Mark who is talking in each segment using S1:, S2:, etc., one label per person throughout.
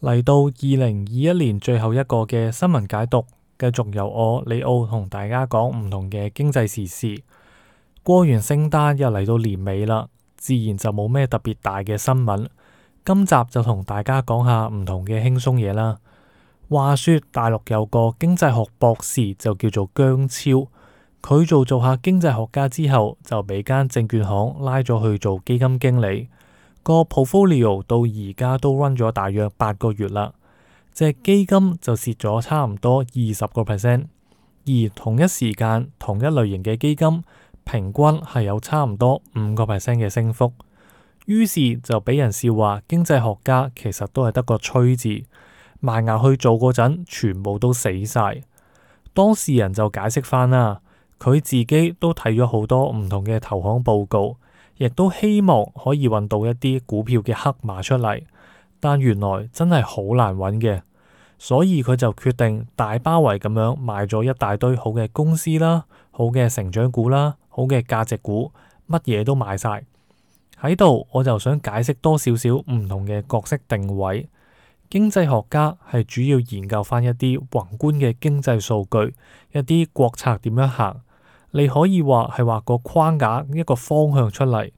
S1: 嚟到二零二一年最後一個嘅新聞解讀，繼續由我李奧同大家講唔同嘅經濟時事。過完聖誕又嚟到年尾啦，自然就冇咩特別大嘅新聞。今集就同大家講下唔同嘅輕鬆嘢啦。話說大陸有個經濟學博士，就叫做姜超。佢做做下經濟學家之後，就俾間證券行拉咗去做基金經理。個 portfolio 到而家都 run 咗大約八個月啦，隻基金就蝕咗差唔多二十個 percent，而同一時間同一類型嘅基金平均係有差唔多五個 percent 嘅升幅，於是就俾人笑話，經濟學家其實都係得個吹字，埋牙去做嗰陣全部都死晒，當事人就解釋翻啦，佢自己都睇咗好多唔同嘅投行報告。亦都希望可以揾到一啲股票嘅黑馬出嚟，但原來真係好難揾嘅，所以佢就決定大包圍咁樣買咗一大堆好嘅公司啦，好嘅成長股啦，好嘅價值股，乜嘢都買晒。喺度我就想解釋多少少唔同嘅角色定位。經濟學家係主要研究翻一啲宏觀嘅經濟數據，一啲國策點樣行，你可以話係畫個框架，一個方向出嚟。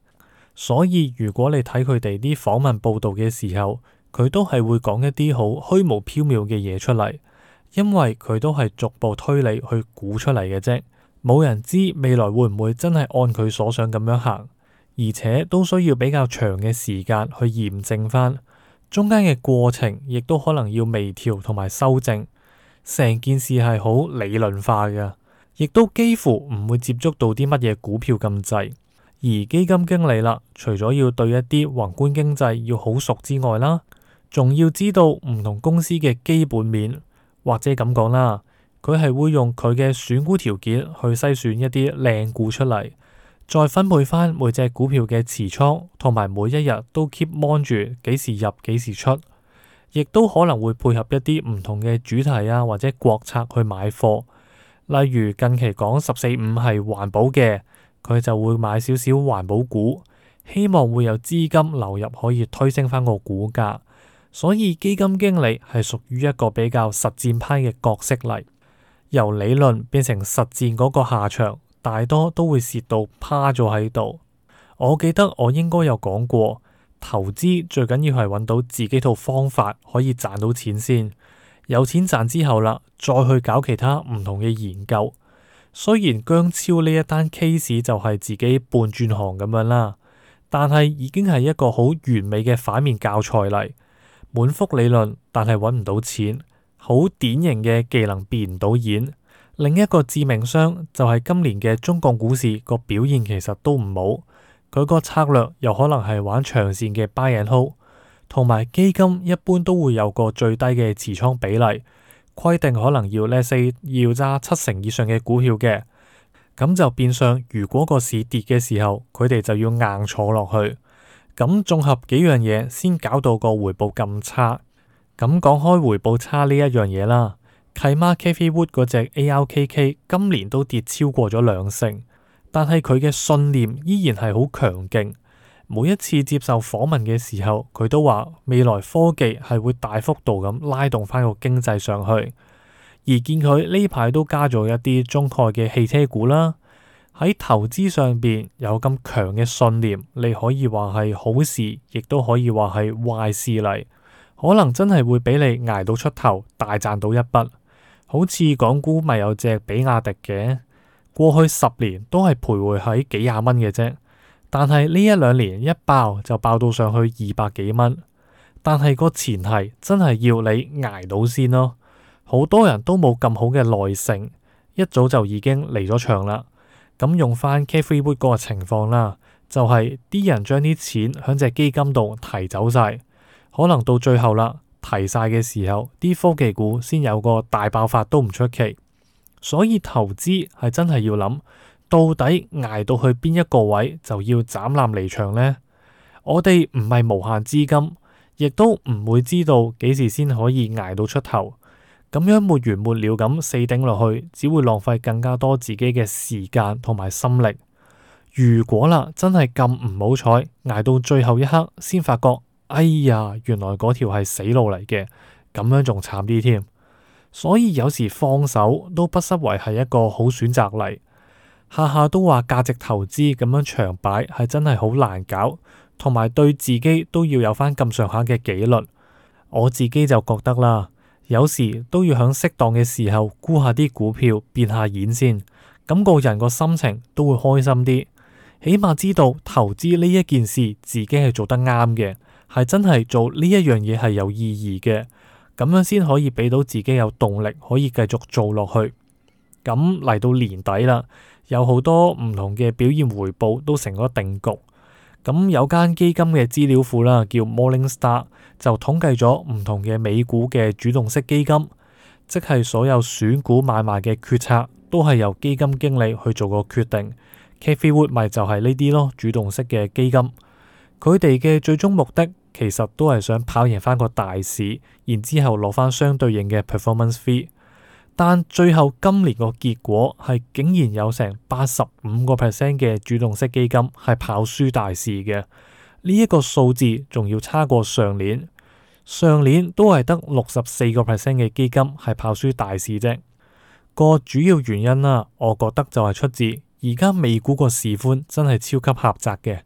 S1: 所以如果你睇佢哋啲訪問報道嘅時候，佢都係會講一啲好虛無縹緲嘅嘢出嚟，因為佢都係逐步推理去估出嚟嘅啫。冇人知未來會唔會真係按佢所想咁樣行，而且都需要比較長嘅時間去驗證翻，中間嘅過程亦都可能要微調同埋修正。成件事係好理論化嘅，亦都幾乎唔會接觸到啲乜嘢股票咁滯。而基金經理啦，除咗要對一啲宏觀經濟要好熟之外啦，仲要知道唔同公司嘅基本面，或者咁講啦，佢係會用佢嘅選股條件去篩選一啲靚股出嚟，再分配翻每隻股票嘅持倉，同埋每一日都 keep mon 住幾時入幾時出，亦都可能會配合一啲唔同嘅主題啊，或者國策去買貨，例如近期講十四五係環保嘅。佢就會買少少環保股，希望會有資金流入可以推升翻個股價。所以基金經理係屬於一個比較實戰派嘅角色嚟，由理論變成實戰嗰個下場，大多都會蝕到趴咗喺度。我記得我應該有講過，投資最緊要係揾到自己套方法可以賺到錢先，有錢賺之後啦，再去搞其他唔同嘅研究。雖然姜超呢一單 case 就係自己半轉行咁樣啦，但係已經係一個好完美嘅反面教材嚟，滿腹理論但係揾唔到錢，好典型嘅技能變唔到演。另一個致命傷就係今年嘅中國股市個表現其實都唔好，佢個策略又可能係玩長線嘅 buy and hold，同埋基金一般都會有個最低嘅持倉比例。規定可能要 let's say 要揸七成以上嘅股票嘅，咁就變相如果個市跌嘅時候，佢哋就要硬坐落去。咁綜合幾樣嘢，先搞到個回報咁差。咁講開回報差呢一樣嘢啦，契媽 Kathy Wood 嗰隻 ARKK 今年都跌超過咗兩成，但係佢嘅信念依然係好強勁。每一次接受訪問嘅時候，佢都話未來科技係會大幅度咁拉動翻個經濟上去。而見佢呢排都加咗一啲中概嘅汽車股啦，喺投資上面有咁強嘅信念，你可以話係好事，亦都可以話係壞事嚟。可能真係會俾你捱到出頭，大賺到一筆。好似港股咪有隻比亞迪嘅，過去十年都係徘徊喺幾廿蚊嘅啫。但係呢一兩年一爆就爆到上去二百幾蚊，但係個前提真係要你捱到先咯，好多人都冇咁好嘅耐性，一早就已經離咗場啦。咁用翻 Cathie Wood 嗰個情況啦，就係、是、啲人將啲錢喺隻基金度提走晒，可能到最後啦提晒嘅時候，啲科技股先有個大爆發都唔出奇，所以投資係真係要諗。到底捱到去邊一個位就要斬纜離場呢？我哋唔係無限資金，亦都唔會知道幾時先可以捱到出頭。咁樣沒完沒了咁四頂落去，只會浪費更加多自己嘅時間同埋心力。如果啦真係咁唔好彩，捱到最後一刻先發覺，哎呀，原來嗰條係死路嚟嘅，咁樣仲慘啲添。所以有時放手都不失為係一個好選擇嚟。下下都話價值投資咁樣長擺係真係好難搞，同埋對自己都要有翻咁上下嘅紀律。我自己就覺得啦，有時都要響適當嘅時候沽下啲股票，變下現先，咁個人個心情都會開心啲。起碼知道投資呢一件事自己係做得啱嘅，係真係做呢一樣嘢係有意義嘅。咁樣先可以俾到自己有動力，可以繼續做落去。咁嚟到年底啦，有好多唔同嘅表現回報都成咗定局。咁有間基金嘅資料庫啦，叫 Morningstar，就統計咗唔同嘅美股嘅主動式基金，即係所有選股買賣嘅決策都係由基金經理去做個決定。Cathie Wood 咪就係呢啲咯，主動式嘅基金，佢哋嘅最終目的其實都係想跑贏翻個大市，然之後攞翻相對應嘅 performance fee。但最後今年個結果係竟然有成八十五個 percent 嘅主動式基金係跑輸大市嘅，呢一個數字仲要差過上年，上年都係得六十四個 percent 嘅基金係跑輸大市啫。個主要原因啦、啊，我覺得就係出自而家美股個市寬真係超級狹窄嘅，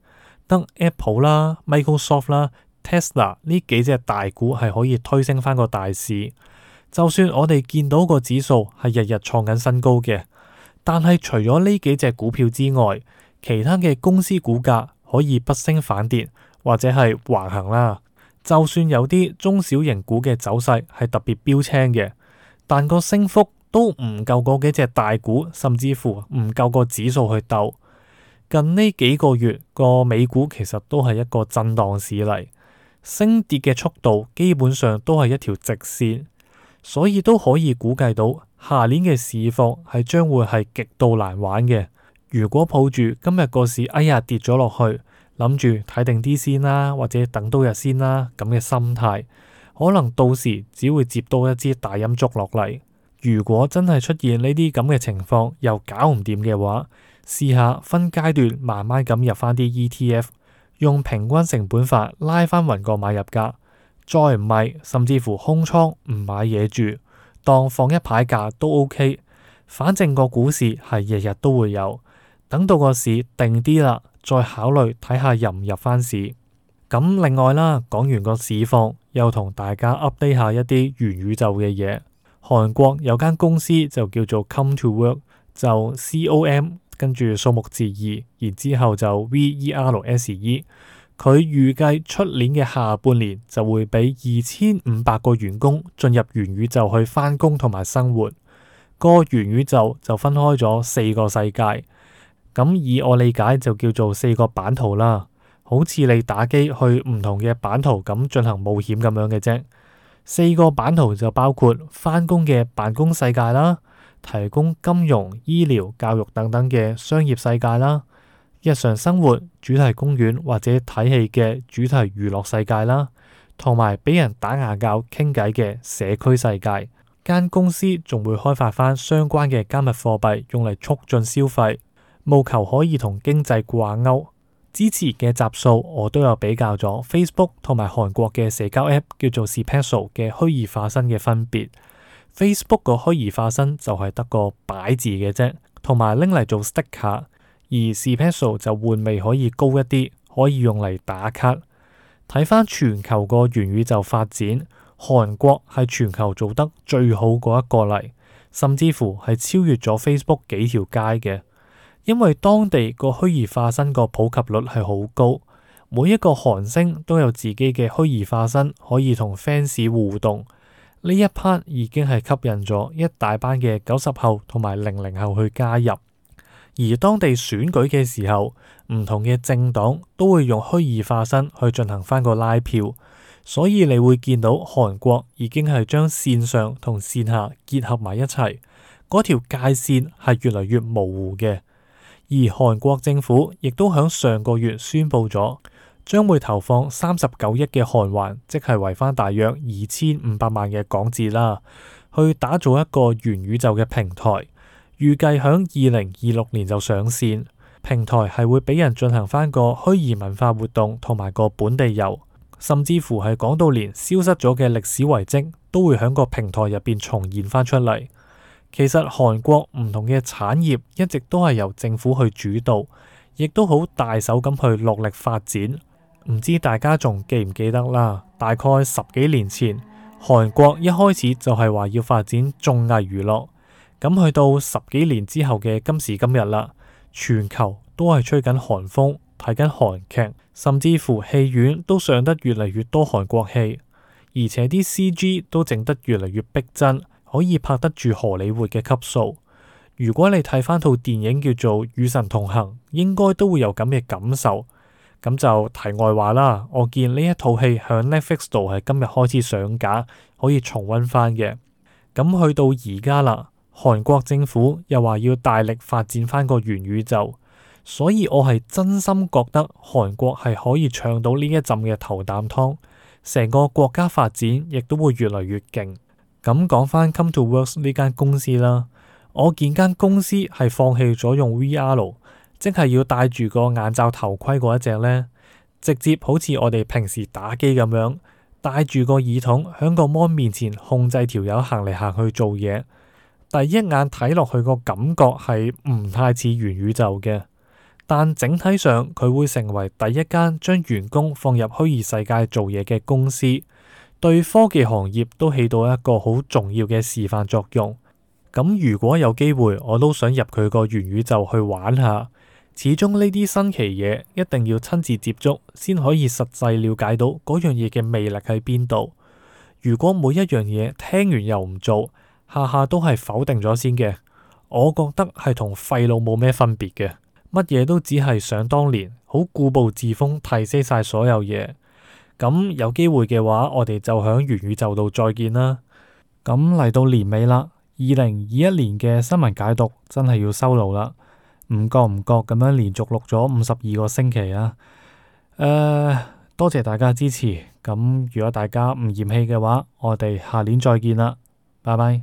S1: 得 Apple 啦、Microsoft 啦、Tesla 呢幾隻大股係可以推升翻個大市。就算我哋見到個指數係日日創緊新高嘅，但係除咗呢幾隻股票之外，其他嘅公司股價可以不升反跌或者係橫行啦。就算有啲中小型股嘅走勢係特別標青嘅，但個升幅都唔夠嗰幾隻大股，甚至乎唔夠個指數去鬥。近呢幾個月個美股其實都係一個震蕩市嚟，升跌嘅速度基本上都係一條直線。所以都可以估計到下年嘅市況係將會係極度難玩嘅。如果抱住今日個市哎呀，跌咗落去，諗住睇定啲先啦，或者等多日先啦咁嘅心態，可能到時只會接到一支大陰燭落嚟。如果真係出現呢啲咁嘅情況，又搞唔掂嘅話，試下分階段慢慢咁入翻啲 ETF，用平均成本法拉翻匀個買入價。再唔係，甚至乎空倉唔買嘢住，當放一排假都 OK。反正個股市係日日都會有，等到個市定啲啦，再考慮睇下入唔入翻市。咁另外啦，講完個市況，又同大家 update 下一啲元宇宙嘅嘢。韓國有間公司就叫做 Com2Verse，就 C O M 跟住數目字二，然之後就 V E R S E。佢預計出年嘅下半年就會俾二千五百個員工進入元宇宙去返工同埋生活。個元宇宙就分開咗四個世界，咁以我理解就叫做四個版圖啦。好似你打機去唔同嘅版圖咁進行冒險咁樣嘅啫。四個版圖就包括返工嘅辦公世界啦，提供金融、醫療、教育等等嘅商業世界啦。日常生活主題公園或者睇戲嘅主題娛樂世界啦，同埋俾人打牙鉸傾偈嘅社區世界。間公司仲會開發返相關嘅加密貨幣用嚟促進消費，務求可以同經濟掛鈎。之前嘅集數我都有比較咗 Facebook 同埋韓國嘅社交 App 叫做 Spatial 嘅虛擬化身嘅分別。Facebook 個虛擬化身就係得個擺字嘅啫，同埋拎嚟做 sticker。S 而 s p e s a 就換味可以高一啲，可以用嚟打卡。睇翻全球個元宇宙發展，韓國係全球做得最好嗰一個嚟，甚至乎係超越咗 Facebook 幾條街嘅。因為當地個虛擬化身個普及率係好高，每一個韓星都有自己嘅虛擬化身可以同 fans 互動。呢一 part 已經係吸引咗一大班嘅九十後同埋零零後去加入。而當地選舉嘅時候，唔同嘅政黨都會用虛擬化身去進行翻個拉票，所以你會見到韓國已經係將線上同線下結合埋一齊，嗰條界線係越嚟越模糊嘅。而韓國政府亦都響上個月宣布咗，將會投放三十九億嘅韓圜，即係圍翻大約二千五百萬嘅港紙啦，去打造一個元宇宙嘅平台。預計響二零二六年就上線，平台，係會俾人進行翻個虛擬文化活動同埋個本地遊，甚至乎係講到連消失咗嘅歷史遺跡都會響個平台入邊重現翻出嚟。其實韓國唔同嘅產業一直都係由政府去主導，亦都好大手咁去落力發展。唔知大家仲記唔記得啦？大概十幾年前，韓國一開始就係話要發展綜藝娛樂。咁去到十幾年之後嘅今時今日啦，全球都係吹緊寒風，睇緊韓劇，甚至乎戲院都上得越嚟越多韓國戲，而且啲 C G 都整得越嚟越逼真，可以拍得住荷里活嘅級數。如果你睇翻套電影叫做《與神同行》，應該都會有咁嘅感受。咁就題外話啦，我見呢一套戲響 Netflix 度係今日開始上架，可以重溫翻嘅。咁去到而家啦。韓國政府又話要大力發展翻個元宇宙，所以我係真心覺得韓國係可以搶到呢一浸嘅頭啖湯，成個國家發展亦都會越嚟越勁。咁講翻 Come to Works 呢間公司啦，我見間公司係放棄咗用 VR，即係要戴住個眼罩頭盔嗰一隻呢，直接好似我哋平時打機咁樣，戴住個耳筒響個芒面前控制條友行嚟行去做嘢。第一眼睇落去個感覺係唔太似元宇宙嘅，但整體上佢會成為第一間將員工放入虛擬世界做嘢嘅公司，對科技行業都起到一個好重要嘅示範作用。咁如果有機會，我都想入佢個元宇宙去玩下。始終呢啲新奇嘢一定要親自接觸，先可以實際了解到嗰樣嘢嘅魅力喺邊度。如果每一樣嘢聽完又唔做，下下都係否定咗先嘅，我覺得係同廢老冇咩分別嘅，乜嘢都只係想當年，好固步自封，提死晒所有嘢。咁有機會嘅話，我哋就響元宇宙度再見啦。咁嚟到年尾啦，二零二一年嘅新聞解讀真係要收路啦，唔覺唔覺咁樣連續錄咗五十二個星期啦、啊。誒、呃，多謝大家支持。咁如果大家唔嫌棄嘅話，我哋下年再見啦，拜拜。